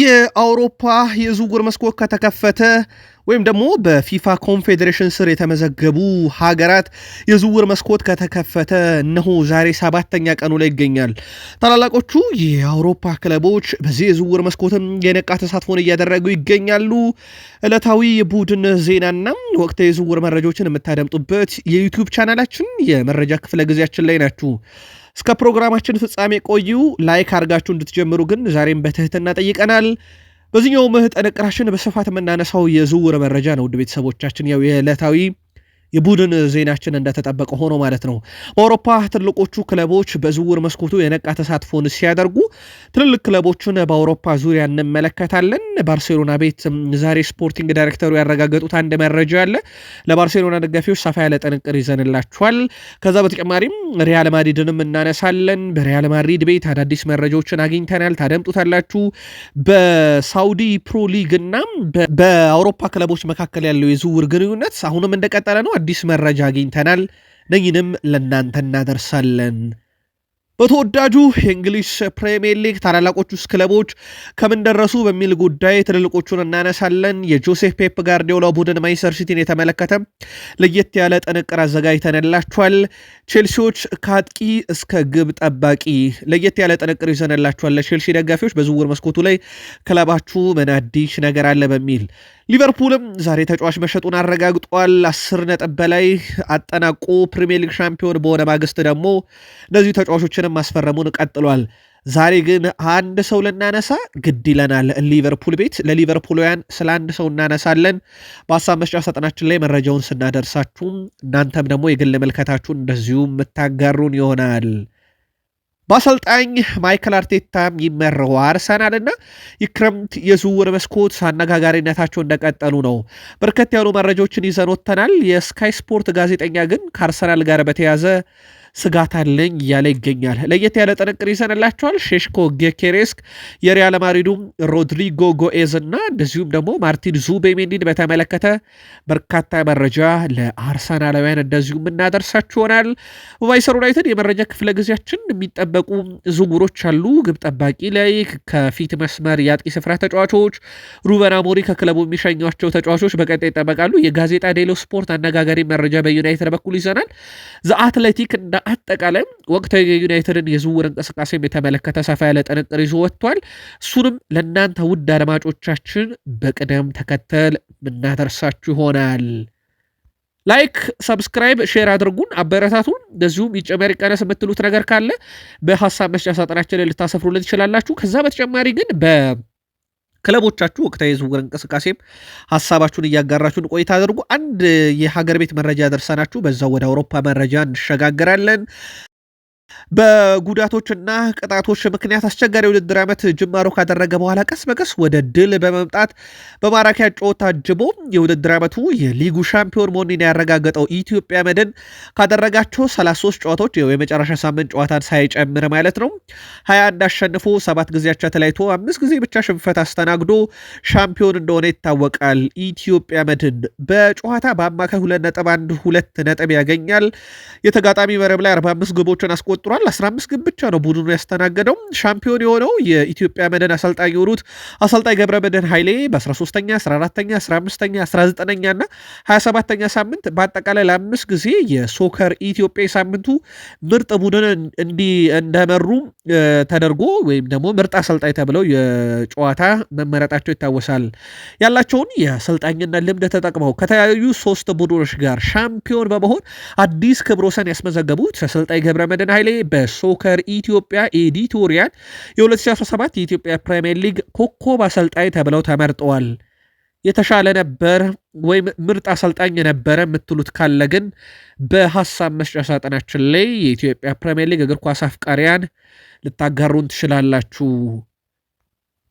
የአውሮፓ የዝውውር መስኮት ከተከፈተ ወይም ደግሞ በፊፋ ኮንፌዴሬሽን ስር የተመዘገቡ ሀገራት የዝውውር መስኮት ከተከፈተ እነሆ ዛሬ ሰባተኛ ቀኑ ላይ ይገኛል። ታላላቆቹ የአውሮፓ ክለቦች በዚህ የዝውውር መስኮትም የነቃ ተሳትፎን እያደረጉ ይገኛሉ። ዕለታዊ የቡድን ዜናና ወቅታዊ የዝውውር መረጃዎችን የምታደምጡበት የዩቲዩብ ቻናላችን የመረጃ ክፍለ ጊዜያችን ላይ ናችሁ። እስከ ፕሮግራማችን ፍጻሜ ቆዩ። ላይክ አድርጋችሁ እንድትጀምሩ ግን ዛሬም በትህትና ጠይቀናል። በዚህኛው ምህ ጠነቅራችን በስፋት የምናነሳው የዝውውር መረጃ ነው። ውድ ቤተሰቦቻችን ያው የዕለታዊ የቡድን ዜናችን እንደተጠበቀ ሆኖ ማለት ነው። በአውሮፓ ትልቆቹ ክለቦች በዝውውር መስኮቱ የነቃ ተሳትፎን ሲያደርጉ ትልልቅ ክለቦችን በአውሮፓ ዙሪያ እንመለከታለን። ባርሴሎና ቤት ዛሬ ስፖርቲንግ ዳይሬክተሩ ያረጋገጡት አንድ መረጃ አለ። ለባርሴሎና ደጋፊዎች ሰፋ ያለ ጥንቅር ይዘንላችኋል። ከዛ በተጨማሪም ሪያል ማድሪድንም እናነሳለን። በሪያል ማድሪድ ቤት አዳዲስ መረጃዎችን አግኝተናል፣ ታደምጡታላችሁ። በሳውዲ ፕሮ ሊግ እና በአውሮፓ ክለቦች መካከል ያለው የዝውውር ግንኙነት አሁንም እንደቀጠለ ነው። አዲስ መረጃ አግኝተናል። ነኝንም ለእናንተ እናደርሳለን። በተወዳጁ የእንግሊዝ ፕሪምየር ሊግ ታላላቆቹ ክለቦች ከምን ደረሱ በሚል ጉዳይ ትልልቆቹን እናነሳለን። የጆሴፍ ፔፕ ጋርዲዮላ ቡድን ማንቸስተር ሲቲን የተመለከተ ለየት ያለ ጥንቅር አዘጋጅተንላችኋል። ቼልሲዎች ከአጥቂ እስከ ግብ ጠባቂ ለየት ያለ ጥንቅር ይዘንላችኋል። ለቼልሲ ደጋፊዎች በዝውውር መስኮቱ ላይ ክለባችሁ ምን አዲስ ነገር አለ በሚል ሊቨርፑልም ዛሬ ተጫዋች መሸጡን አረጋግጧል። አስር ነጥብ በላይ አጠናቆ ፕሪሚየር ሊግ ሻምፒዮን በሆነ ማግስት ደግሞ እነዚህ ተጫዋቾችንም ማስፈረሙን ቀጥሏል። ዛሬ ግን አንድ ሰው ልናነሳ ግድ ይለናል። ሊቨርፑል ቤት ለሊቨርፑልውያን ስለ አንድ ሰው እናነሳለን። በሀሳብ መስጫ ሳጥናችን ላይ መረጃውን ስናደርሳችሁም እናንተም ደግሞ የግል መልከታችሁን እንደዚሁ የምታጋሩን ይሆናል። በአሰልጣኝ ማይክል አርቴታም ይመራው አርሰናል እና የክረምት የዝውውር መስኮት አነጋጋሪነታቸው እንደቀጠሉ ነው። በርከት ያሉ መረጃዎችን ይዘን ወጥተናል። የስካይ ስፖርት ጋዜጠኛ ግን ከአርሰናል ጋር በተያዘ ስጋት አለኝ እያለ ይገኛል። ለየት ያለ ጥንቅር ይዘንላቸዋል። ሼሽኮ ጌኬሬስክ፣ የሪያል ማድሪዱ ሮድሪጎ ጎኤዝ እና እንደዚሁም ደግሞ ማርቲን ዙቤሜንዲን በተመለከተ በርካታ መረጃ ለአርሰናላውያን እንደዚሁም እናደርሳችሁ ይሆናል። ቫይሰር ዩናይትድ የመረጃ ክፍለ ጊዜያችን የሚጠበቁ ዝውውሮች አሉ። ግብ ጠባቂ ላይ ከፊት መስመር የአጥቂ ስፍራ ተጫዋቾች ሩበን አሞሪ ከክለቡ የሚሸኟቸው ተጫዋቾች በቀጣይ ይጠበቃሉ። የጋዜጣ ዴሎ ስፖርት አነጋጋሪ መረጃ በዩናይትድ በኩል ይዘናል። ዘአትሌቲክ አትሌቲክ በአጠቃላይ ወቅታዊ የዩናይትድን የዝውውር እንቅስቃሴም የተመለከተ ሰፋ ያለ ጥንቅር ይዞ ወጥቷል። እሱንም ለእናንተ ውድ አድማጮቻችን በቅደም ተከተል ምናደርሳችሁ ይሆናል። ላይክ፣ ሰብስክራይብ፣ ሼር አድርጉን፣ አበረታቱን። እንደዚሁም ይጨመር ይቀነስ የምትሉት ነገር ካለ በሀሳብ መስጫ ሳጥናችን ልታሰፍሩልን ትችላላችሁ። ከዛ በተጨማሪ ግን በ ክለቦቻችሁ ወቅታዊ የዝውውር እንቅስቃሴም ሀሳባችሁን እያጋራችሁን ቆይታ አድርጉ። አንድ የሀገር ቤት መረጃ ደርሰናችሁ በዛው ወደ አውሮፓ መረጃ እንሸጋግራለን። በጉዳቶችና ቅጣቶች ምክንያት አስቸጋሪ ውድድር ዓመት ጅማሮ ካደረገ በኋላ ቀስ በቀስ ወደ ድል በመምጣት በማራኪ ጨዋታ ታጅቦ የውድድር ዓመቱ የሊጉ ሻምፒዮን መሆኑን ያረጋገጠው ኢትዮጵያ መድን ካደረጋቸው 33 ጨዋታዎች የመጨረሻ ሳምንት ጨዋታን ሳይጨምር ማለት ነው 21 አሸንፎ ሰባት ጊዜ ተለያይቶ አምስት ጊዜ ብቻ ሽንፈት አስተናግዶ ሻምፒዮን እንደሆነ ይታወቃል። ኢትዮጵያ መድን በጨዋታ በአማካይ 2.1 2 ነጥብ ያገኛል። የተጋጣሚ መረብ ላይ 45 ግቦችን አስቆ አስቆጥሯል። 15 ግን ብቻ ነው ቡድኑ ያስተናገደው። ሻምፒዮን የሆነው የኢትዮጵያ መድን አሰልጣኝ የሆኑት አሰልጣኝ ገብረ መደን ኃይሌ በ13ተኛ፣ 14ተኛ፣ 15ተኛ፣ 19ኛ እና 27ተኛ ሳምንት በአጠቃላይ ለአምስት ጊዜ የሶከር ኢትዮጵያ ሳምንቱ ምርጥ ቡድን እንደመሩ ተደርጎ ወይም ደግሞ ምርጥ አሰልጣኝ ተብለው የጨዋታ መመረጣቸው ይታወሳል። ያላቸውን የአሰልጣኝነት ልምድ ተጠቅመው ከተለያዩ ሶስት ቡድኖች ጋር ሻምፒዮን በመሆን አዲስ ክብረ ወሰን ያስመዘገቡት አሰልጣኝ ገብረ መድህን ኃይሌ ደንቤሌ በሶከር ኢትዮጵያ ኤዲቶሪያል የ2017 የኢትዮጵያ ፕሪምየር ሊግ ኮከብ አሰልጣኝ ተብለው ተመርጠዋል። የተሻለ ነበር ወይም ምርጥ አሰልጣኝ ነበረ የምትሉት ካለ ግን በሀሳብ መስጫ ሳጥናችን ላይ የኢትዮጵያ ፕሪምየር ሊግ እግር ኳስ አፍቃሪያን ልታጋሩን ትችላላችሁ።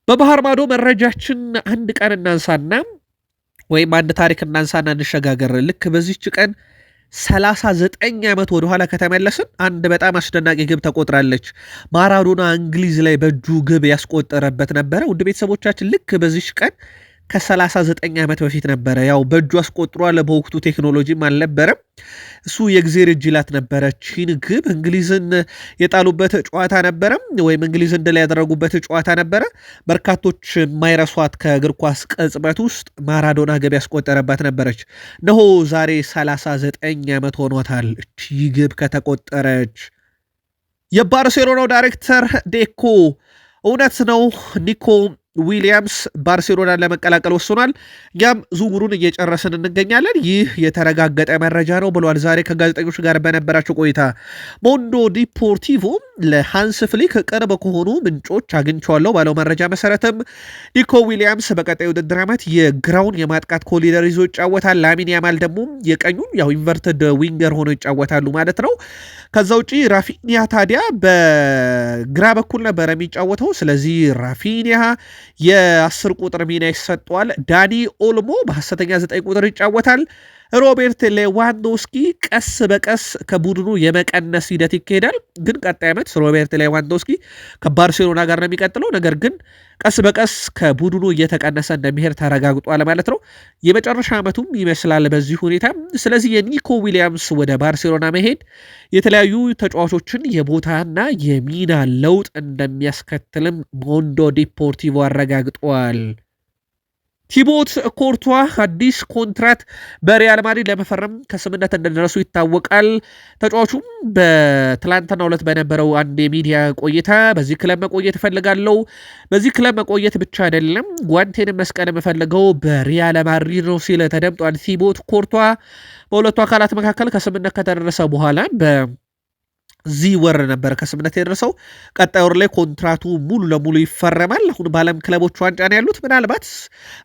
በባህር ማዶ መረጃችን አንድ ቀን እናንሳና ወይም አንድ ታሪክ እናንሳና እንሸጋገር። ልክ በዚህች ቀን 39 ዓመት ወደኋላ ከተመለስን አንድ በጣም አስደናቂ ግብ ተቆጥራለች። ማራዶና እንግሊዝ ላይ በእጁ ግብ ያስቆጠረበት ነበረ። ውድ ቤተሰቦቻችን ልክ በዚች ቀን ከ39 ዓመት በፊት ነበረ። ያው በእጁ አስቆጥሯል። በወቅቱ ቴክኖሎጂም አልነበረም። እሱ የእግዜር እጅ ነበረ። ቺን ግብ እንግሊዝን የጣሉበት ጨዋታ ነበረ፣ ወይም እንግሊዝን ድል ያደረጉበት ጨዋታ ነበረ። በርካቶች የማይረሷት ከእግር ኳስ ቅጽበት ውስጥ ማራዶና ግብ ያስቆጠረባት ነበረች። እነሆ ዛሬ 39 ዓመት ሆኖታል እቺ ግብ ከተቆጠረች። የባርሴሎናው ዳይሬክተር ዴኮ እውነት ነው ኒኮ ዊሊያምስ ባርሴሎናን ለመቀላቀል ወስኗል። እኛም ዝውውሩን እየጨረስን እንገኛለን። ይህ የተረጋገጠ መረጃ ነው ብሏል ዛሬ ከጋዜጠኞች ጋር በነበራቸው ቆይታ። ሞንዶ ዲፖርቲቮም ለሃንስ ፍሊክ ቅርብ ከሆኑ ምንጮች አግኝቸዋለሁ ባለው መረጃ መሰረትም ኒኮ ዊሊያምስ በቀጣይ ውድድር ዓመት የግራውን የማጥቃት ኮሊደር ይዞ ይጫወታል። ላሚን ያማል ደግሞ የቀኙን ያው ኢንቨርትድ ዊንገር ሆኖ ይጫወታሉ ማለት ነው። ከዛ ውጪ ራፊኒያ ታዲያ በግራ በኩል ነበር የሚጫወተው። ስለዚህ ራፊኒያ የአስር ቁጥር ሚና ይሰጠዋል። ዳኒ ኦልሞ በሐሰተኛ ዘጠኝ ቁጥር ይጫወታል። ሮቤርት ሌዋንዶስኪ ቀስ በቀስ ከቡድኑ የመቀነስ ሂደት ይካሄዳል። ግን ቀጣይ ዓመት ሮቤርት ሌዋንዶስኪ ከባርሴሎና ጋር ነው የሚቀጥለው። ነገር ግን ቀስ በቀስ ከቡድኑ እየተቀነሰ እንደሚሄድ ተረጋግጧል ማለት ነው። የመጨረሻ ዓመቱም ይመስላል በዚህ ሁኔታ። ስለዚህ የኒኮ ዊሊያምስ ወደ ባርሴሎና መሄድ የተለያዩ ተጫዋቾችን የቦታና የሚና ለውጥ እንደሚያስከትልም ሞንዶ ዲፖርቲቮ አረጋግጧል። ቲቦት ኮርቷ አዲስ ኮንትራት በሪያል ማድሪድ ለመፈረም ከስምነት እንደደረሱ ይታወቃል። ተጫዋቹም በትላንትና ዕለት በነበረው አንድ የሚዲያ ቆይታ በዚህ ክለብ መቆየት እፈልጋለሁ፣ በዚህ ክለብ መቆየት ብቻ አይደለም ጓንቴን መስቀል የምፈልገው በሪያል ማድሪድ ነው ሲል ተደምጧል። ቲቦት ኮርቷ በሁለቱ አካላት መካከል ከስምነት ከተደረሰ በኋላ በ እዚህ ወር ነበረ ከስምነት የደረሰው። ቀጣይ ወር ላይ ኮንትራቱ ሙሉ ለሙሉ ይፈረማል። አሁን በዓለም ክለቦች ዋንጫ ነው ያሉት። ምናልባት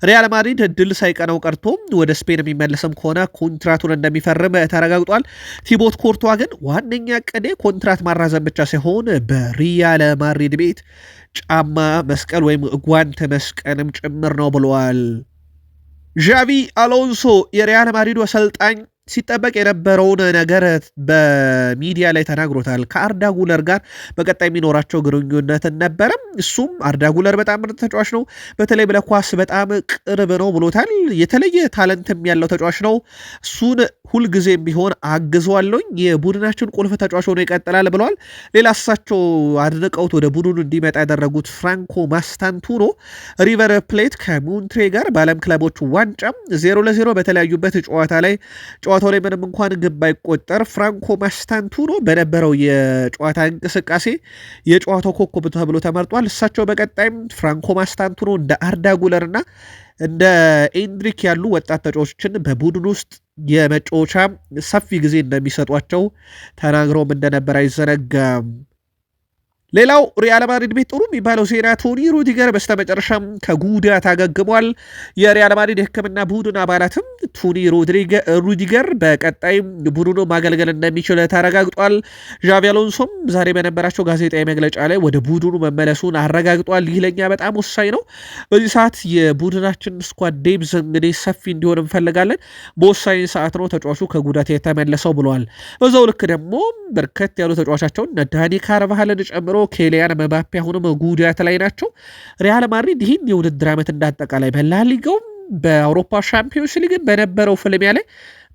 ሪያል ማድሪድ እድል ሳይቀነው ቀርቶ ወደ ስፔን የሚመለስም ከሆነ ኮንትራቱን እንደሚፈርም ተረጋግጧል። ቲቦት ኮርቷ ግን ዋነኛ ቅዴ ኮንትራት ማራዘም ብቻ ሲሆን በሪያል ማድሪድ ቤት ጫማ መስቀል ወይም ጓንት መስቀልም ጭምር ነው ብለዋል። ዣቪ አሎንሶ የሪያል ማድሪዱ አሰልጣኝ ሲጠበቅ የነበረውን ነገር በሚዲያ ላይ ተናግሮታል። ከአርዳ ጉለር ጋር በቀጣይ የሚኖራቸው ግንኙነትን ነበረም። እሱም አርዳ ጉለር በጣም ምርጥ ተጫዋች ነው፣ በተለይ ለኳስ በጣም ቅርብ ነው ብሎታል። የተለየ ታለንትም ያለው ተጫዋች ነው። እሱን ሁልጊዜም ቢሆን አግዘዋለኝ። የቡድናችን ቁልፍ ተጫዋች ሆኖ ይቀጥላል ብለዋል። ሌላ እሳቸው አድንቀውት ወደ ቡድኑ እንዲመጣ ያደረጉት ፍራንኮ ማስታንቱኖ ሪቨር ፕሌት ከሙንትሬ ጋር በዓለም ክለቦች ዋንጫም ዜሮ ለዜሮ በተለያዩበት ጨዋታ ላይ ጨዋ ጨዋታው ላይ ምንም እንኳን ግን ባይቆጠር ፍራንኮ ማስታንቱኖ በነበረው የጨዋታ እንቅስቃሴ የጨዋታው ኮከብ ተብሎ ተመርጧል። እሳቸው በቀጣይም ፍራንኮ ማስታንቱኖ እንደ አርዳ ጉለር እንደ ኤንድሪክ ያሉ ወጣት ተጫዋቾችን በቡድን ውስጥ የመጫወቻ ሰፊ ጊዜ እንደሚሰጧቸው ተናግረውም እንደነበር አይዘነጋም። ሌላው ሪያል ማድሪድ ቤት ጥሩ የሚባለው ዜና ቶኒ ሩዲገር በስተመጨረሻም ከጉዳት አገግሟል። የሪያል ማድሪድ የሕክምና ቡድን አባላትም ቶኒ ሩዲገር በቀጣይም ቡድኑ ማገልገል እንደሚችል ተረጋግጧል። ዣቪ አሎንሶም ዛሬ በነበራቸው ጋዜጣዊ መግለጫ ላይ ወደ ቡድኑ መመለሱን አረጋግጧል። ይህ ለእኛ በጣም ወሳኝ ነው። በዚህ ሰዓት የቡድናችን ስኳድ ዴብዝ እንግዲህ ሰፊ እንዲሆን እንፈልጋለን። በወሳኝ ሰዓት ነው ተጫዋቹ ከጉዳት የተመለሰው ብለዋል። በዛው ልክ ደግሞ በርከት ያሉ ተጫዋቻቸውን እነ ዳኒ ካርቫሃልን ጨምሮ ኬሊያን መባፔ አሁንም ጉዳት ላይ ናቸው። ሪያል ማድሪድ ይህን የውድድር ዓመት እንዳጠቃላይ በላሊጋውም በአውሮፓ ሻምፒዮንስ ሊግን በነበረው ፍልሚያ ላይ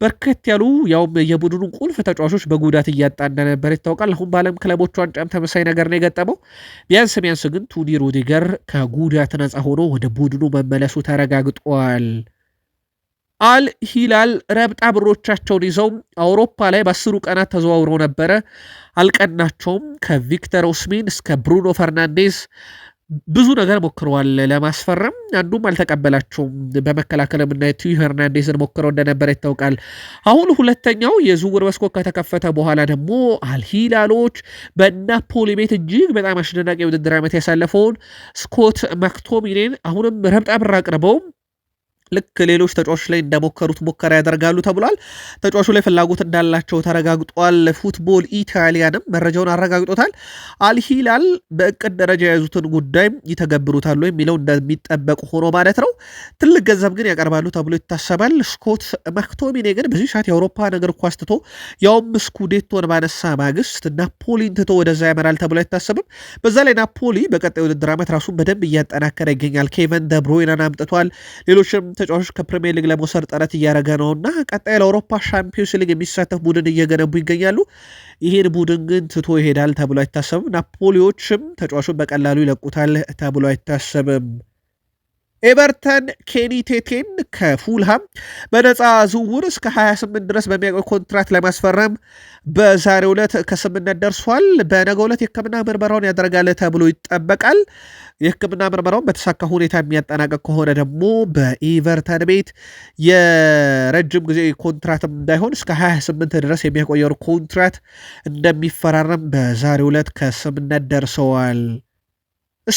በርከት ያሉ ያውም የቡድኑ ቁልፍ ተጫዋቾች በጉዳት እያጣ እንደነበር ይታወቃል። አሁን በዓለም ክለቦች ዋንጫም ተመሳይ ነገር ነው የገጠመው። ቢያንስ ቢያንስ ግን ቱኒ ሩዲገር ከጉዳት ነፃ ሆኖ ወደ ቡድኑ መመለሱ ተረጋግጧል። አል ሂላል ረብጣ ብሮቻቸውን ይዘው አውሮፓ ላይ በአስሩ ቀናት ተዘዋውረው ነበረ። አልቀናቸውም። ከቪክተር ኦስሜን እስከ ብሩኖ ፈርናንዴዝ ብዙ ነገር ሞክረዋል ለማስፈረም፣ አንዱም አልተቀበላቸውም። በመከላከል የምናየው ቲዩ ሄርናንዴዝን ሞክረው እንደነበረ ይታወቃል። አሁን ሁለተኛው የዝውውር መስኮት ከተከፈተ በኋላ ደግሞ አልሂላሎች በናፖሊ ቤት እጅግ በጣም አስደናቂ የውድድር ዓመት ያሳለፈውን ስኮት ማክቶሚኔን አሁንም ረብጣ ብር አቅርበው ልክ ሌሎች ተጫዋቾች ላይ እንደሞከሩት ሙከራ ያደርጋሉ ተብሏል። ተጫዋቹ ላይ ፍላጎት እንዳላቸው ተረጋግጧል። ፉትቦል ኢታሊያንም መረጃውን አረጋግጦታል። አልሂላል በእቅድ ደረጃ የያዙትን ጉዳይም ይተገብሩታሉ የሚለው እንደሚጠበቅ ሆኖ ማለት ነው። ትልቅ ገንዘብ ግን ያቀርባሉ ተብሎ ይታሰባል። ስኮት ማክቶሚኔ ግን በዚህ ሰዓት የአውሮፓ እግር ኳስ ትቶ ያውም ስኩዴቶን ባነሳ ማግስት ናፖሊን ትቶ ወደዛ ያመራል ተብሎ አይታሰብም። በዛ ላይ ናፖሊ በቀጣይ ውድድር ዓመት ራሱን በደንብ እያጠናከረ ይገኛል። ኬቨን ደብሮይናን አምጥቷል። ሌሎችም ተጫዋቾች ከፕሪሚየር ሊግ ለመውሰድ ጥረት እያደረገ ነውና ቀጣይ ለአውሮፓ ሻምፒዮንስ ሊግ የሚሳተፍ ቡድን እየገነቡ ይገኛሉ። ይህን ቡድን ግን ትቶ ይሄዳል ተብሎ አይታሰብም። ናፖሊዎችም ተጫዋቹን በቀላሉ ይለቁታል ተብሎ አይታሰብም። ኤቨርተን ኬኒቴቴን ከፉልሃም በነፃ ዝውውር እስከ 28 ድረስ በሚያቆይ ኮንትራት ለማስፈረም በዛሬ ዕለት ከስምነት ደርሷል። በነገ ዕለት የሕክምና ምርመራውን ያደረጋል ተብሎ ይጠበቃል። የሕክምና ምርመራውን በተሳካ ሁኔታ የሚያጠናቀቅ ከሆነ ደግሞ በኤቨርተን ቤት የረጅም ጊዜ ኮንትራትም እንዳይሆን እስከ 28 ድረስ የሚያቆየሩ ኮንትራት እንደሚፈራረም በዛሬ ዕለት ከስምነት ደርሰዋል።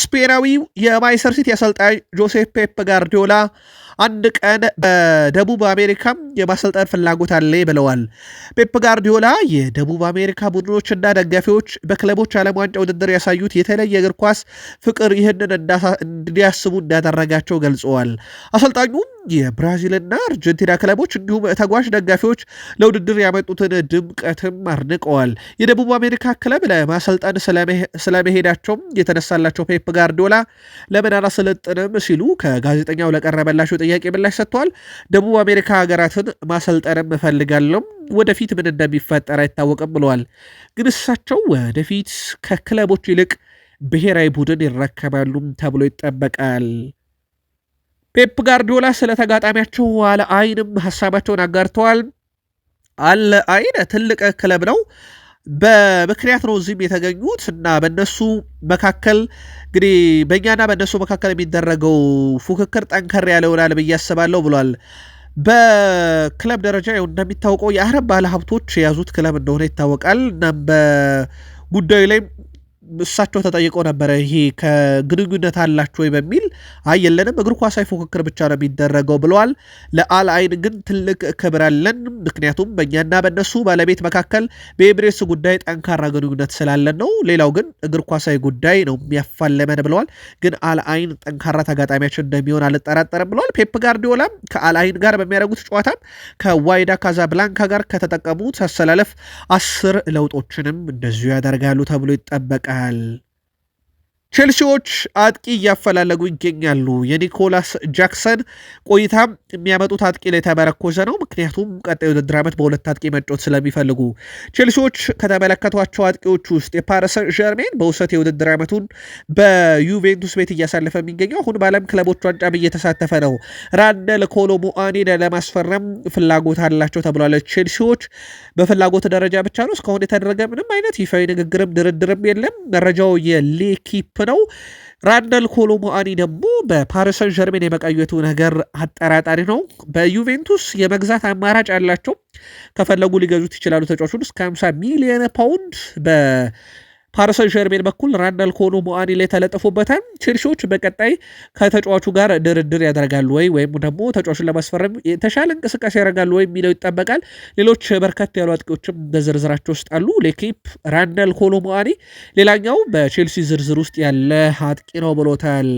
ስፔናዊው የማይሰር ሲቲ አሰልጣኝ ጆሴፕ ፔፕ ጋርዲዮላ አንድ ቀን በደቡብ አሜሪካም የማሰልጠን ፍላጎት አለ ብለዋል። ፔፕ ጋርዲዮላ የደቡብ አሜሪካ ቡድኖችና ደጋፊዎች በክለቦች ዓለም ዋንጫ ውድድር ያሳዩት የተለየ እግር ኳስ ፍቅር ይህንን እንዲያስቡ እንዳደረጋቸው ገልጸዋል። አሰልጣኙም የብራዚልና አርጀንቲና ክለቦች እንዲሁም ተጓዥ ደጋፊዎች ለውድድር ያመጡትን ድምቀትም አድንቀዋል። የደቡብ አሜሪካ ክለብ ለማሰልጠን ስለመሄዳቸውም የተነሳላቸው ፔፕ ጋርዲዮላ ለምን አላሰለጥንም ሲሉ ከጋዜጠኛው ለቀረበላቸው ጥያቄ ምላሽ ሰጥተዋል። ደቡብ አሜሪካ ሀገራትን ማሰልጠንም እፈልጋለሁ፣ ወደፊት ምን እንደሚፈጠር አይታወቅም ብለዋል። ግን እሳቸው ወደፊት ከክለቦች ይልቅ ብሔራዊ ቡድን ይረከባሉም ተብሎ ይጠበቃል። ፔፕ ጋርዲዮላ ስለ ተጋጣሚያቸው አለ አይንም ሀሳባቸውን አጋርተዋል። አለ አይን ትልቅ ክለብ ነው በምክንያት ነው እዚህም የተገኙት እና በእነሱ መካከል እንግዲህ በእኛና በእነሱ መካከል የሚደረገው ፉክክር ጠንከር ያለ ይሆናል ብዬ አስባለሁ ብሏል። በክለብ ደረጃ እንደሚታወቀው የአረብ ባለሀብቶች የያዙት ክለብ እንደሆነ ይታወቃል። እናም በጉዳዩ ላይ እሳቸው ተጠይቀው ነበረ። ይሄ ከግንኙነት አላችሁ ወይ በሚል አይ የለንም፣ እግር ኳሳዊ ፉክክር ብቻ ነው የሚደረገው ብለዋል። ለአል አይን ግን ትልቅ ክብር አለን፣ ምክንያቱም በእኛና በእነሱ ባለቤት መካከል በኤምሬትስ ጉዳይ ጠንካራ ግንኙነት ስላለን ነው። ሌላው ግን እግር ኳሳዊ ጉዳይ ነው የሚያፋለመን ብለዋል። ግን አልአይን ጠንካራ ተጋጣሚያችን እንደሚሆን አልጠራጠርም ብለዋል። ፔፕ ጋርዲዮላም ከአልአይን ጋር በሚያደርጉት ጨዋታም ከዋይዳ ካዛብላንካ ጋር ከተጠቀሙት አሰላለፍ አስር ለውጦችንም እንደዚሁ ያደርጋሉ ተብሎ ይጠበቃል። al ቼልሲዎች አጥቂ እያፈላለጉ ይገኛሉ። የኒኮላስ ጃክሰን ቆይታም የሚያመጡት አጥቂ ላይ ተመረኮዘ ነው። ምክንያቱም ቀጣይ ውድድር ዓመት በሁለት አጥቂ መጫወት ስለሚፈልጉ ቼልሲዎች ከተመለከቷቸው አጥቂዎች ውስጥ የፓሪሰን ዠርሜን በውሰት የውድድር ዓመቱን በዩቬንቱስ ቤት እያሳለፈ የሚገኘው አሁን በዓለም ክለቦች ዋንጫም እየተሳተፈ ነው። ራንደል ኮሎሙአኒን ለማስፈረም ፍላጎት አላቸው ተብሏል። ቼልሲዎች በፍላጎት ደረጃ ብቻ ነው። እስካሁን የተደረገ ምንም አይነት ይፋዊ ንግግርም ድርድርም የለም። መረጃው የሌኪፕ ነው። ራንደል ኮሎሞአኒ ደግሞ በፓሪሰን ጀርሜን የመቀየቱ ነገር አጠራጣሪ ነው። በዩቬንቱስ የመግዛት አማራጭ አላቸው። ከፈለጉ ሊገዙት ይችላሉ። ተጫዋቹን እስከ 50 ሚሊየን ፓውንድ በ ፓርሰን ሸርሜን በኩል ራንዳል ኮሎ ላይ ተለጥፎበታል። ቼልሲዎች በቀጣይ ከተጫዋቹ ጋር ድርድር ያደርጋሉ ወይ ወይም ደግሞ ተጫዋቹን ለማስፈረም የተሻለ እንቅስቃሴ ያደርጋሉ ወይ የሚለው ይጠበቃል። ሌሎች በርከት ያሉ አጥቂዎችም በዝርዝራቸው ውስጥ አሉ። ሌኬፕ ራንዳል ኮሎ ሞአኒ ሌላኛው በቼልሲ ዝርዝር ውስጥ ያለ አጥቂ ነው ብሎታል።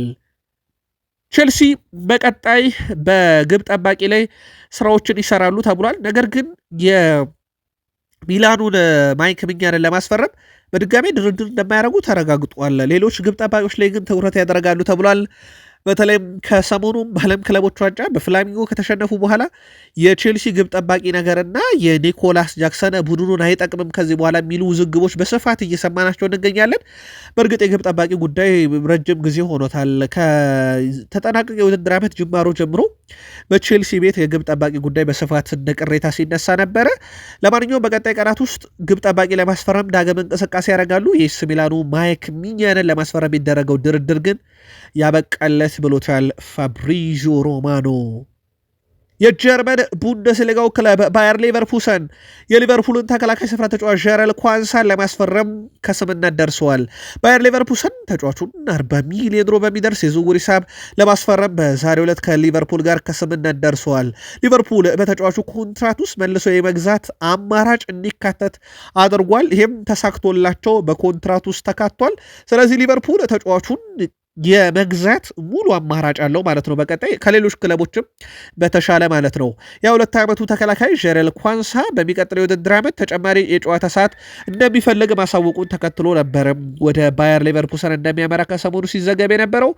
ቼልሲ በቀጣይ በግብ ጠባቂ ላይ ስራዎችን ይሰራሉ ተብሏል። ነገር ግን የሚላኑን ማይክ ምኛንን ለማስፈረም በድጋሚ ድርድር እንደማያደርጉ ተረጋግጧል። ሌሎች ግብ ጠባቂዎች ላይ ግን ትኩረት ያደርጋሉ ተብሏል። በተለይም ከሰሞኑም በዓለም ክለቦች ዋንጫ በፍላሚንጎ ከተሸነፉ በኋላ የቼልሲ ግብ ጠባቂ ነገርና የኒኮላስ ጃክሰን ቡድኑን አይጠቅምም ከዚህ በኋላ የሚሉ ውዝግቦች በስፋት እየሰማናቸው እንገኛለን። በእርግጥ የግብ ጠባቂ ጉዳይ ረጅም ጊዜ ሆኖታል። ከተጠናቀቀ የውድድር ዓመት ጅማሮ ጀምሮ በቼልሲ ቤት የግብ ጠባቂ ጉዳይ በስፋት እንደ ቅሬታ ሲነሳ ነበረ። ለማንኛውም በቀጣይ ቀናት ውስጥ ግብ ጠባቂ ለማስፈረም ዳግም እንቅስቃሴ ያደርጋሉ። የኤሲ ሚላኑ ማይክ ሚኛንን ለማስፈረም የሚደረገው ድርድር ግን ያበቃለ ማለት ብሎታል ፋብሪዞ ሮማኖ። የጀርመን ቡንደስሊጋው ክለብ ባየር ሌቨርኩሰን የሊቨርፑልን ተከላካይ ስፍራ ተጫዋች ጀረል ኳንሳን ለማስፈረም ከስምነት ደርሰዋል። ባየር ሌቨርኩሰን ተጫዋቹን 40 ሚሊዮን ዩሮ በሚደርስ የዝውውር ሂሳብ ለማስፈረም በዛሬው ዕለት ከሊቨርፑል ጋር ከስምነት ደርሰዋል። ሊቨርፑል በተጫዋቹ ኮንትራት ውስጥ መልሶ የመግዛት አማራጭ እንዲካተት አድርጓል። ይህም ተሳክቶላቸው በኮንትራት ውስጥ ተካቷል። ስለዚህ ሊቨርፑል ተጫዋቹን የመግዛት ሙሉ አማራጭ አለው ማለት ነው። በቀጣይ ከሌሎች ክለቦችም በተሻለ ማለት ነው። የሁለት ዓመቱ ተከላካይ ጀረል ኳንሳ በሚቀጥለው የውድድር ዓመት ተጨማሪ የጨዋታ ሰዓት እንደሚፈልግ ማሳወቁን ተከትሎ ነበርም ወደ ባየር ሌቨርኩሰን እንደሚያመራ ከሰሞኑ ሲዘገብ የነበረው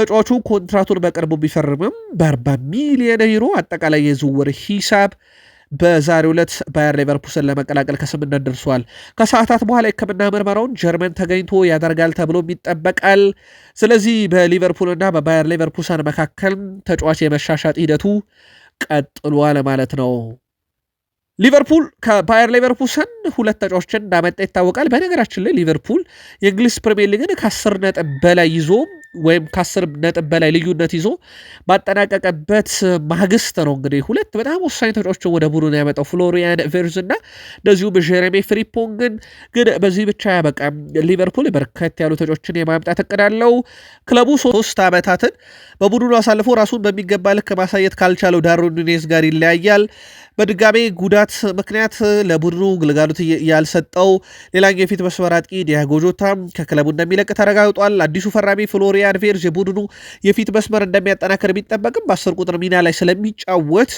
ተጫዋቹ ኮንትራቱን በቅርቡ ቢፈርምም በ40 ሚሊየን ዩሮ አጠቃላይ የዝውውር ሂሳብ በዛሬው ዕለት ባየር ሌቨርኩሰን ለመቀላቀል ከስምነት ደርሷል። ከሰዓታት በኋላ የሕክምና ምርመራውን ጀርመን ተገኝቶ ያደርጋል ተብሎም ይጠበቃል። ስለዚህ በሊቨርፑልና በባየር ሌቨርኩሰን መካከል ተጫዋች የመሻሻጥ ሂደቱ ቀጥሏል ማለት ነው። ሊቨርፑል ከባየር ሌቨርኩሰን ሁለት ተጫዋቾችን እንዳመጣ ይታወቃል። በነገራችን ላይ ሊቨርፑል የእንግሊዝ ፕሪሚየር ሊግን ከአስር ነጥብ በላይ ይዞም ወይም ከአስር ነጥብ በላይ ልዩነት ይዞ ባጠናቀቀበት ማግስት ነው እንግዲህ ሁለት በጣም ወሳኝ ተጫዋቾችን ወደ ቡድን ያመጣው ፍሎሪያን ቬርዝ እና እንደዚሁም ጀረሜ ፍሪፖንግን። ግን በዚህ ብቻ ያበቃም። ሊቨርፑል በርከት ያሉ ተጫዋቾችን የማምጣት እቅድ አለው። ክለቡ ሶስት ዓመታትን በቡድኑ አሳልፎ ራሱን በሚገባ ልክ ማሳየት ካልቻለው ዳርዊን ኑኔዝ ጋር ይለያያል። በድጋሜ ጉዳት ምክንያት ለቡድኑ ግልጋሎት ያልሰጠው ሌላኛው የፊት መስመር አጥቂ ዲያጎ ጆታም ከክለቡ እንደሚለቅ ተረጋግጧል። አዲሱ ፈራሚ ፍሎሪያን ቬርዥ የቡድኑ የፊት መስመር እንደሚያጠናክር ቢጠበቅም በአስር ቁጥር ሚና ላይ ስለሚጫወት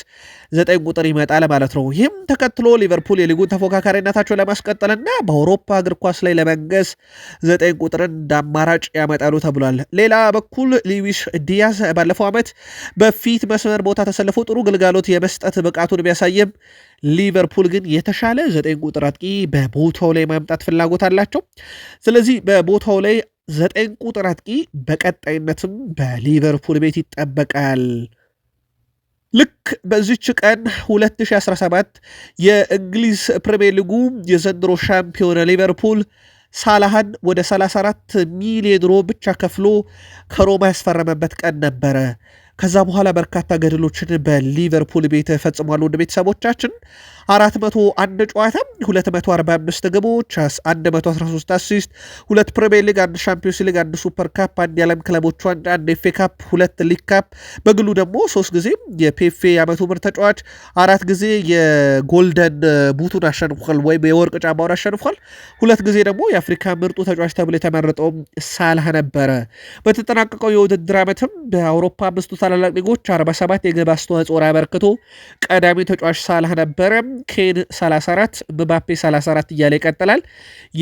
ዘጠኝ ቁጥር ይመጣል ማለት ነው። ይህም ተከትሎ ሊቨርፑል የሊጉን ተፎካካሪነታቸውን ለማስቀጠልና በአውሮፓ እግር ኳስ ላይ ለመንገስ ዘጠኝ ቁጥርን እንዳማራጭ ያመጣሉ ተብሏል። ሌላ በኩል ሊዊስ ዲያዝ ባለፈው ዓመት በፊት መስመር ቦታ ተሰልፎ ጥሩ ግልጋሎት የመስጠት ብቃቱን ቢያሳይ አልታየም። ሊቨርፑል ግን የተሻለ ዘጠኝ ቁጥር አጥቂ በቦታው ላይ ማምጣት ፍላጎት አላቸው። ስለዚህ በቦታው ላይ ዘጠኝ ቁጥር አጥቂ በቀጣይነትም በሊቨርፑል ቤት ይጠበቃል። ልክ በዚች ቀን 2017 የእንግሊዝ ፕሪምየር ሊጉ የዘንድሮ ሻምፒዮን ሊቨርፑል ሳላሃን ወደ 34 ሚሊዮን ዩሮ ብቻ ከፍሎ ከሮማ ያስፈረመበት ቀን ነበረ። ከዛ በኋላ በርካታ ገድሎችን በሊቨርፑል ቤት ፈጽሟል። ወደ ቤተሰቦቻችን 401 ጨዋታ 245 ግቦች 113 አሲስት፣ ሁለት ፕሪሚየር ሊግ፣ አንድ ሻምፒዮንስ ሊግ፣ አንድ ሱፐር ካፕ፣ አንድ የዓለም ክለቦች ዋንጫ፣ አንድ ኤፌ ካፕ፣ ሁለት ሊግ ካፕ። በግሉ ደግሞ ሶስት ጊዜ የፔፌ የዓመቱ ምርጥ ተጫዋች፣ አራት ጊዜ የጎልደን ቡቱን አሸንፏል ወይም የወርቅ ጫማውን አሸንፏል። ሁለት ጊዜ ደግሞ የአፍሪካ ምርጡ ተጫዋች ተብሎ የተመረጠውም ሳላህ ነበረ። በተጠናቀቀው የውድድር ዓመትም በአውሮፓ አምስቱ ታላላቅ ሊጎች 47 የግብ አስተዋጽኦን አበርክቶ ቀዳሚ ተጫዋች ሳላህ ነበረ። ኬን 34 ምባፔ 34 እያለ ይቀጥላል።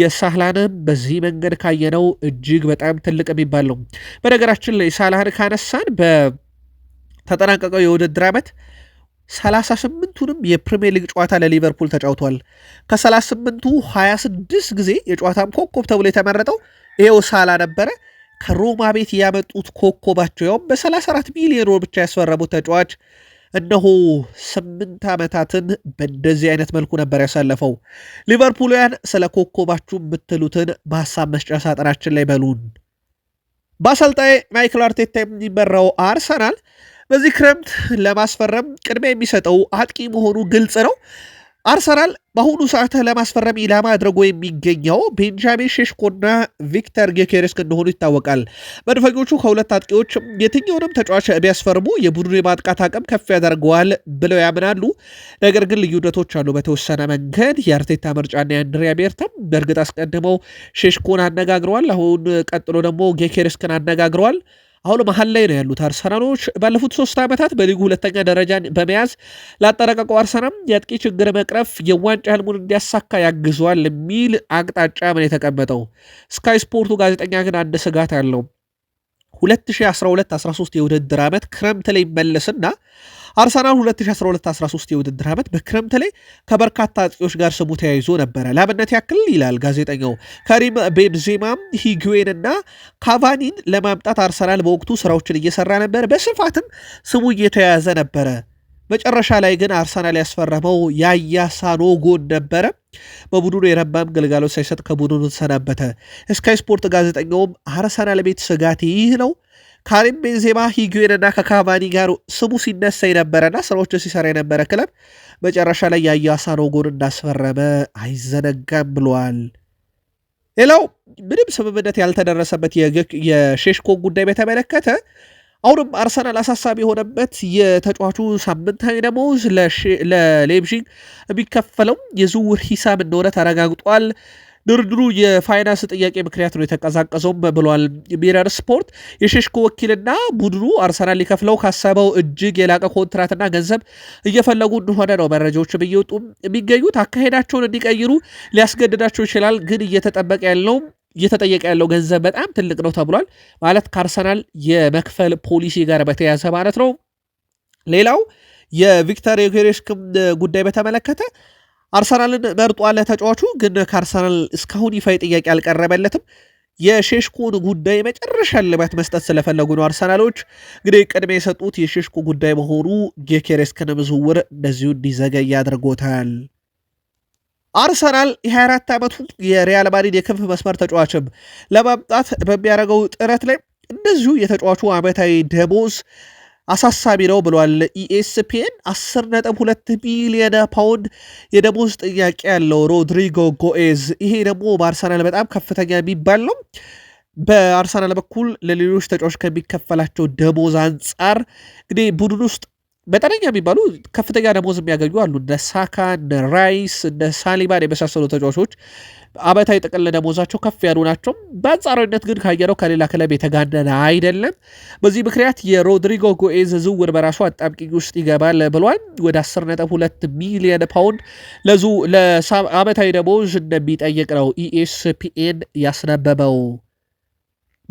የሳህላንም በዚህ መንገድ ካየነው እጅግ በጣም ትልቅ የሚባል ነው። በነገራችን ላይ ሳላህን ካነሳን በተጠናቀቀው የውድድር ዓመት 38ቱንም የፕሪሚየር ሊግ ጨዋታ ለሊቨርፑል ተጫውቷል። ከ38ቱ 26 ጊዜ የጨዋታም ኮከብ ተብሎ የተመረጠው ይሄው ሳላ ነበረ። ከሮማ ቤት ያመጡት ኮከባቸው ያውም በ34 ሚሊዮን ብቻ ያስፈረሙት ተጫዋች እነሆ ስምንት ዓመታትን በእንደዚህ አይነት መልኩ ነበር ያሳለፈው። ሊቨርፑልውያን ስለ ኮከባችሁ የምትሉትን በሀሳብ መስጫ ሳጥናችን ላይ በሉን። በአሰልጣኝ ማይክል አርቴታ የሚመራው አርሰናል በዚህ ክረምት ለማስፈረም ቅድሚያ የሚሰጠው አጥቂ መሆኑ ግልጽ ነው። አርሰናል በአሁኑ ሰዓት ለማስፈረም ኢላማ አድርጎ የሚገኘው ቤንጃሚን ሼሽኮና ቪክተር ጌኬሬስክ እንደሆኑ ይታወቃል። መድፈኞቹ ከሁለት አጥቂዎች የትኛውንም ተጫዋች ቢያስፈርሙ የቡድኑ የማጥቃት አቅም ከፍ ያደርገዋል ብለው ያምናሉ። ነገር ግን ልዩነቶች አሉ። በተወሰነ መንገድ የአርቴታ ምርጫና የአንድሪያ ቤርተም በእርግጥ አስቀድመው ሼሽኮን አነጋግረዋል። አሁን ቀጥሎ ደግሞ ጌኬሬስክን አነጋግረዋል። አሁን መሀል ላይ ነው ያሉት አርሰናሎች ባለፉት ሶስት ዓመታት በሊጉ ሁለተኛ ደረጃን በመያዝ ላጠናቀቀው አርሰናል የአጥቂ ችግር መቅረፍ የዋንጫ ህልሙን እንዲያሳካ ያግዘዋል የሚል አቅጣጫ ምን የተቀመጠው። ስካይ ስፖርቱ ጋዜጠኛ ግን አንድ ስጋት አለው። 2012/13 የውድድር ዓመት ክረምት ላይ መለስና አርሰናል 2012/13 የውድድር ዓመት በክረምት ላይ ከበርካታ አጥቂዎች ጋር ስሙ ተያይዞ ነበረ። ለአብነት ያክል ይላል ጋዜጠኛው ከሪም ቤንዜማም ሂግዌን እና ካቫኒን ለማምጣት አርሰናል በወቅቱ ስራዎችን እየሰራ ነበር። በስፋትም ስሙ እየተያያዘ ነበረ። መጨረሻ ላይ ግን አርሰናል ያስፈረመው ያያ ሳኖጎን ነበረ። በቡድኑ የረባም ግልጋሎት ሳይሰጥ ከቡድኑ ተሰናበተ። ስካይ ስፖርት ጋዜጠኛውም አርሰናል ቤት ስጋት ይህ ነው ካሪም ቤንዜማ ሂጉዌንና ከካቫኒ ጋር ስሙ ሲነሳ የነበረና ስራዎችን ሲሰራ የነበረ ክለብ መጨረሻ ላይ ያያሳኖ ጎን እንዳስፈረመ አይዘነጋም ብለዋል። ሌላው ምንም ስምምነት ያልተደረሰበት የሼሽኮን ጉዳይ በተመለከተ አሁንም አርሰናል አሳሳቢ የሆነበት የተጫዋቹ ሳምንታዊ ደሞዝ ለሌብዥንግ የሚከፈለው የዝውውር ሂሳብ እንደሆነ ተረጋግጧል። ድርድሩ የፋይናንስ ጥያቄ ምክንያት ነው የተቀዛቀዘውም ብሏል ሚረር ስፖርት። የሸሽኮ ወኪልና ቡድኑ አርሰናል ሊከፍለው ካሰበው እጅግ የላቀ ኮንትራትና ገንዘብ እየፈለጉ እንደሆነ ነው መረጃዎችም እየወጡ የሚገኙት። አካሄዳቸውን እንዲቀይሩ ሊያስገድዳቸው ይችላል፣ ግን እየተጠበቀ ያለውም እየተጠየቀ ያለው ገንዘብ በጣም ትልቅ ነው ተብሏል። ማለት ከአርሰናል የመክፈል ፖሊሲ ጋር በተያያዘ ማለት ነው። ሌላው የቪክተር ዮኬሬሽን ጉዳይ በተመለከተ አርሰናልን መርጧል። ተጫዋቹ ግን ከአርሰናል እስካሁን ይፋዊ ጥያቄ አልቀረበለትም። የሼሽኮን ጉዳይ መጨረሻ ልባት መስጠት ስለፈለጉ ነው አርሰናሎች እንግዲህ ቅድሚያ የሰጡት የሼሽኮ ጉዳይ መሆኑ ጌኬሬስክንም ዝውውር እንደዚሁ እንዲዘገይ አድርጎታል። አርሰናል የ24 ዓመቱ የሪያል ማድሪድ የክንፍ መስመር ተጫዋችም ለማምጣት በሚያደርገው ጥረት ላይ እንደዚሁ የተጫዋቹ ዓመታዊ ደሞዝ አሳሳቢ ነው ብሏል ኢኤስፒኤን። 10.2 ቢሊየን ፓውንድ የደሞዝ ጥያቄ ያለው ሮድሪጎ ጎኤዝ፣ ይሄ ደግሞ በአርሰናል በጣም ከፍተኛ የሚባል ነው። በአርሰናል በኩል ለሌሎች ተጫዋች ከሚከፈላቸው ደሞዝ አንጻር እንግዲህ ቡድን ውስጥ መጠነኛ የሚባሉ ከፍተኛ ደሞዝ የሚያገኙ አሉ። እነ ሳካ፣ እነ ራይስ፣ እነ ሳሊባን የመሳሰሉ ተጫዋቾች አመታዊ ጥቅል ደሞዛቸው ከፍ ያሉ ናቸው። በአንጻራዊነት ግን ካየነው ከሌላ ክለብ የተጋነነ አይደለም። በዚህ ምክንያት የሮድሪጎ ጎኤዝ ዝውውር በራሱ አጣብቂኝ ውስጥ ይገባል ብሏል። ወደ 12 ሚሊየን ፓውንድ ለአመታዊ ደሞዝ እንደሚጠይቅ ነው ኢኤስፒኤን ያስነበበው።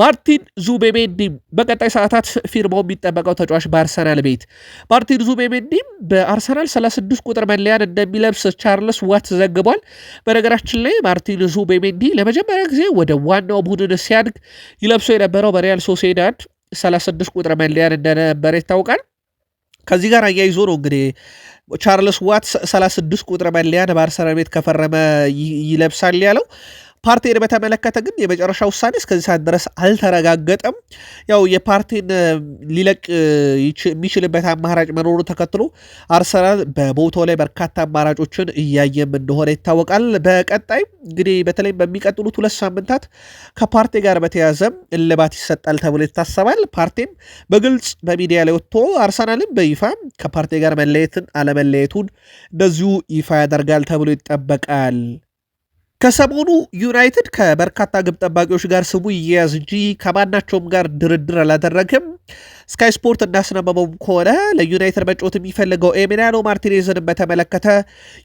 ማርቲን ዙቤሜንዲም በቀጣይ ሰዓታት ፊርማው የሚጠበቀው ተጫዋች በአርሰናል ቤት ማርቲን ዙቤሜንዲም በአርሰናል 36 ቁጥር መለያን እንደሚለብስ ቻርልስ ዋት ዘግቧል። በነገራችን ላይ ማርቲን ዙቤሜንዲ ለመጀመሪያ ጊዜ ወደ ዋናው ቡድን ሲያድግ ይለብሶ የነበረው በሪያል ሶሴዳድ 36 ቁጥር መለያን እንደነበረ ይታወቃል። ከዚህ ጋር አያይዞ ነው እንግዲህ ቻርልስ ዋት 36 ቁጥር መለያን በአርሰናል ቤት ከፈረመ ይለብሳል ያለው ፓርቲን በተመለከተ ግን የመጨረሻ ውሳኔ እስከዚህ ሰዓት ድረስ አልተረጋገጠም። ያው የፓርቲን ሊለቅ የሚችልበት አማራጭ መኖሩ ተከትሎ አርሰናል በቦታው ላይ በርካታ አማራጮችን እያየም እንደሆነ ይታወቃል። በቀጣይ እንግዲህ በተለይም በሚቀጥሉት ሁለት ሳምንታት ከፓርቲ ጋር በተያዘም እልባት ይሰጣል ተብሎ ይታሰባል። ፓርቲም በግልጽ በሚዲያ ላይ ወጥቶ አርሰናልም በይፋ ከፓርቲ ጋር መለየትን አለመለየቱን እንደዚሁ ይፋ ያደርጋል ተብሎ ይጠበቃል። ከሰሞኑ ዩናይትድ ከበርካታ ግብ ጠባቂዎች ጋር ስሙ ይያዝ እንጂ ከማናቸውም ጋር ድርድር አላደረግም። ስካይ ስፖርት እንዳስነበበውም ከሆነ ለዩናይትድ መጫወት የሚፈልገው ኤሚሊያኖ ማርቲኔዝን በተመለከተ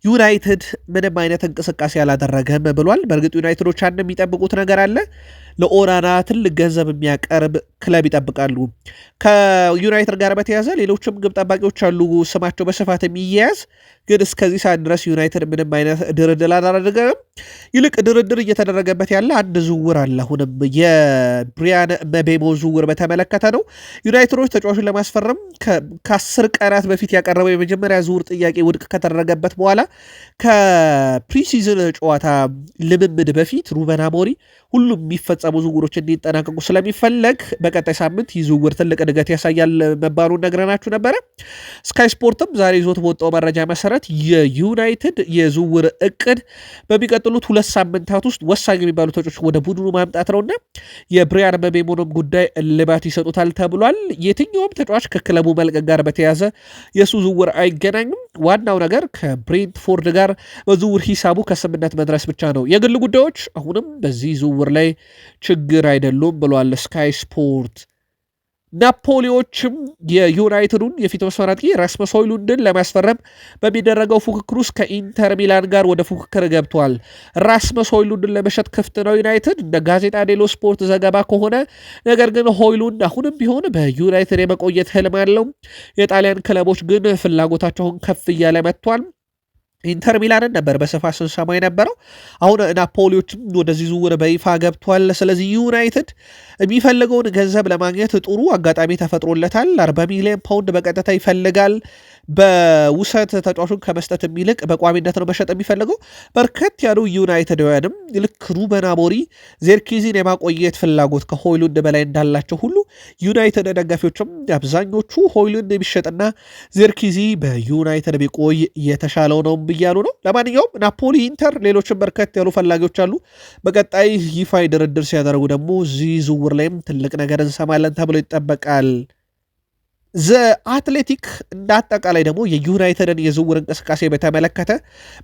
ዩናይትድ ምንም አይነት እንቅስቃሴ አላደረገም ብሏል። በእርግጥ ዩናይትዶች አንድ የሚጠብቁት ነገር አለ ለኦናና ትልቅ ገንዘብ የሚያቀርብ ክለብ ይጠብቃሉ። ከዩናይትድ ጋር በተያዘ ሌሎችም ግብ ጠባቂዎች አሉ ስማቸው በስፋት የሚያያዝ ግን እስከዚህ ሰዓት ድረስ ዩናይትድ ምንም አይነት ድርድር አላደረገም። ይልቅ ድርድር እየተደረገበት ያለ አንድ ዝውውር አለ። አሁንም የብሪያን መቤሞ ዝውውር በተመለከተ ነው። ዩናይትዶች ተጫዋቹን ለማስፈረም ከአስር ቀናት በፊት ያቀረበው የመጀመሪያ ዝውውር ጥያቄ ውድቅ ከተደረገበት በኋላ ከፕሪሲዝን ጨዋታ ልምምድ በፊት ሩበን አሞሪ ሁሉም የሚፈጸሙ ዝውውሮች እንዲጠናቀቁ ስለሚፈለግ በቀጣይ ሳምንት ይህ ዝውውር ትልቅ እድገት ያሳያል መባሉን ነግረናችሁ ነበረ። ስካይ ስፖርትም ዛሬ ይዞት በወጣው መረጃ መሰረት የዩናይትድ የዝውውር እቅድ በሚቀጥሉት ሁለት ሳምንታት ውስጥ ወሳኝ የሚባሉ ተጫዋቾች ወደ ቡድኑ ማምጣት ነውና የብሪያን መቤሞኖም ጉዳይ እልባት ይሰጡታል ተብሏል። የትኛውም ተጫዋች ከክለቡ መልቀቅ ጋር በተያዘ የእሱ ዝውውር አይገናኝም። ዋናው ነገር ከብሬንትፎርድ ጋር በዝውውር ሂሳቡ ከስምነት መድረስ ብቻ ነው። የግል ጉዳዮች አሁንም በዚህ ዝውውር ዝውውር ላይ ችግር አይደሉም ብሏል ስካይ ስፖርት። ናፖሊዎችም የዩናይትዱን የፊት መስመር አጥቂ ራስመስ ሆይሉንድን ለማስፈረም በሚደረገው ፉክክር ውስጥ ከኢንተር ሚላን ጋር ወደ ፉክክር ገብቷል። ራስመስ ሆይሉንድን ለመሸጥ ክፍት ነው ዩናይትድ እንደ ጋዜጣ ዴሎ ስፖርት ዘገባ ከሆነ። ነገር ግን ሆይሉንድ አሁንም ቢሆን በዩናይትድ የመቆየት ህልም አለው። የጣሊያን ክለቦች ግን ፍላጎታቸውን ከፍ እያለ መጥቷል። ኢንተር ሚላንን ነበር በስፋት ስንሰማ የነበረው። አሁን ናፖሊዎችም ወደዚህ ዝውውር በይፋ ገብቷል። ስለዚህ ዩናይትድ የሚፈልገውን ገንዘብ ለማግኘት ጥሩ አጋጣሚ ተፈጥሮለታል። 40 ሚሊዮን ፓውንድ በቀጥታ ይፈልጋል። በውሰት ተጫዋቹን ከመስጠት የሚልቅ በቋሚነት ነው መሸጥ የሚፈልገው። በርከት ያሉ ዩናይትዳውያንም ልክ ሩበን አሞሪ ዜርኪዚን የማቆየት ፍላጎት ከሆይሉንድ በላይ እንዳላቸው ሁሉ ዩናይትድ ደጋፊዎችም አብዛኞቹ ሆይሉንድ የሚሸጥና ዜርኪዚ በዩናይትድ ቢቆይ የተሻለው ነው እያሉ ነው። ለማንኛውም ናፖሊ፣ ኢንተር፣ ሌሎችም በርከት ያሉ ፈላጊዎች አሉ። በቀጣይ ይፋይ ድርድር ሲያደርጉ ደግሞ እዚህ ዝውውር ላይም ትልቅ ነገር እንሰማለን ተብሎ ይጠበቃል። ዘ አትሌቲክ እንደ አጠቃላይ ደግሞ የዩናይትድን የዝውውር እንቅስቃሴ በተመለከተ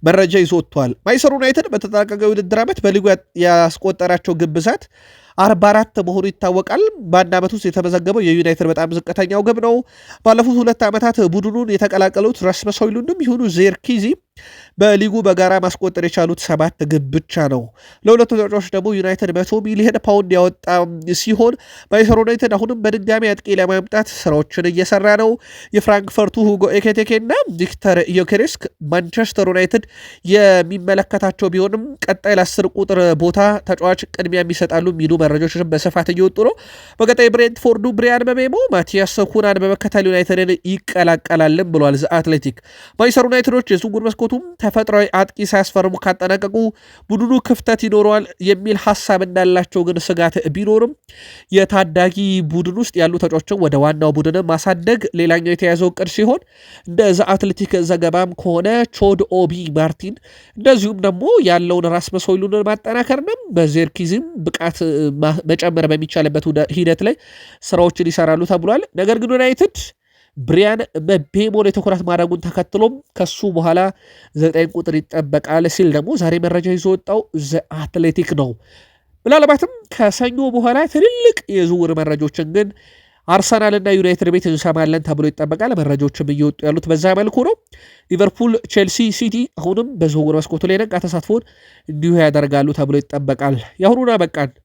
መረጃ ይዞ ወጥቷል። ማይሰር ዩናይትድ በተጠናቀቀ ውድድር ዓመት በሊጉ ያስቆጠራቸው ግብዛት አርባ አራት መሆኑ ይታወቃል። በአንድ ዓመት ውስጥ የተመዘገበው የዩናይትድ በጣም ዝቅተኛው ግብ ነው። ባለፉት ሁለት ዓመታት ቡድኑን የተቀላቀሉት ራስመስ ሆይሉንድም ይሁኑ ዜርኪዚ በሊጉ በጋራ ማስቆጠር የቻሉት ሰባት ግብ ብቻ ነው። ለሁለቱ ተጫዋቾች ደግሞ ዩናይትድ መቶ ሚሊዮን ፓውንድ ያወጣ ሲሆን ማንቸስተር ዩናይትድ አሁንም በድጋሚ አጥቂ ለማምጣት ስራዎችን እየሰራ ነው። የፍራንክፈርቱ ሁጎ ኤኬቴኬ እና ቪክተር ዮኬሬስክ ማንቸስተር ዩናይትድ የሚመለከታቸው ቢሆንም ቀጣይ ለአስር ቁጥር ቦታ ተጫዋች ቅድሚያ የሚሰጣሉ የሚሉ መረጃዎች በስፋት እየወጡ ነው። በቀጣይ ብሬንትፎርዱ ብሪያን በቤሞ ማቲያስ ኩናን በመከተል ዩናይትድን ይቀላቀላልም ብሏል ዘ አትሌቲክ። ማንችስተር ዩናይትዶች የዝውውር መስኮቱም ተፈጥሯዊ አጥቂ ሳያስፈርሙ ካጠናቀቁ ቡድኑ ክፍተት ይኖረዋል የሚል ሀሳብ እንዳላቸው ግን ስጋት ቢኖርም የታዳጊ ቡድን ውስጥ ያሉ ተጫዋቾችን ወደ ዋናው ቡድን ማሳደግ ሌላኛው የተያዘው እቅድ ሲሆን እንደ ዘ አትሌቲክ ዘገባም ከሆነ ቾድ ኦቢ ማርቲን እንደዚሁም ደግሞ ያለውን ራስ መሰይሉንን ማጠናከርንም በዜርኪዝም ብቃት መጨመር በሚቻልበት ሂደት ላይ ስራዎችን ይሰራሉ ተብሏል። ነገር ግን ዩናይትድ ብሪያን መቤሞን የትኩረት ማድረጉን ተከትሎም ከሱ በኋላ ዘጠኝ ቁጥር ይጠበቃል ሲል ደግሞ ዛሬ መረጃ ይዞ ወጣው ዘ አትሌቲክ ነው። ምናልባትም ከሰኞ በኋላ ትልልቅ የዝውውር መረጃዎችን ግን አርሰናልና ዩናይትድ ቤት እንሰማለን ተብሎ ይጠበቃል። መረጃዎችም እየወጡ ያሉት በዛ መልኩ ነው። ሊቨርፑል፣ ቼልሲ፣ ሲቲ አሁንም በዝውውር መስኮቱ ላይ ነቃ ተሳትፎን እንዲሁ ያደርጋሉ ተብሎ ይጠበቃል። የአሁኑና በቃን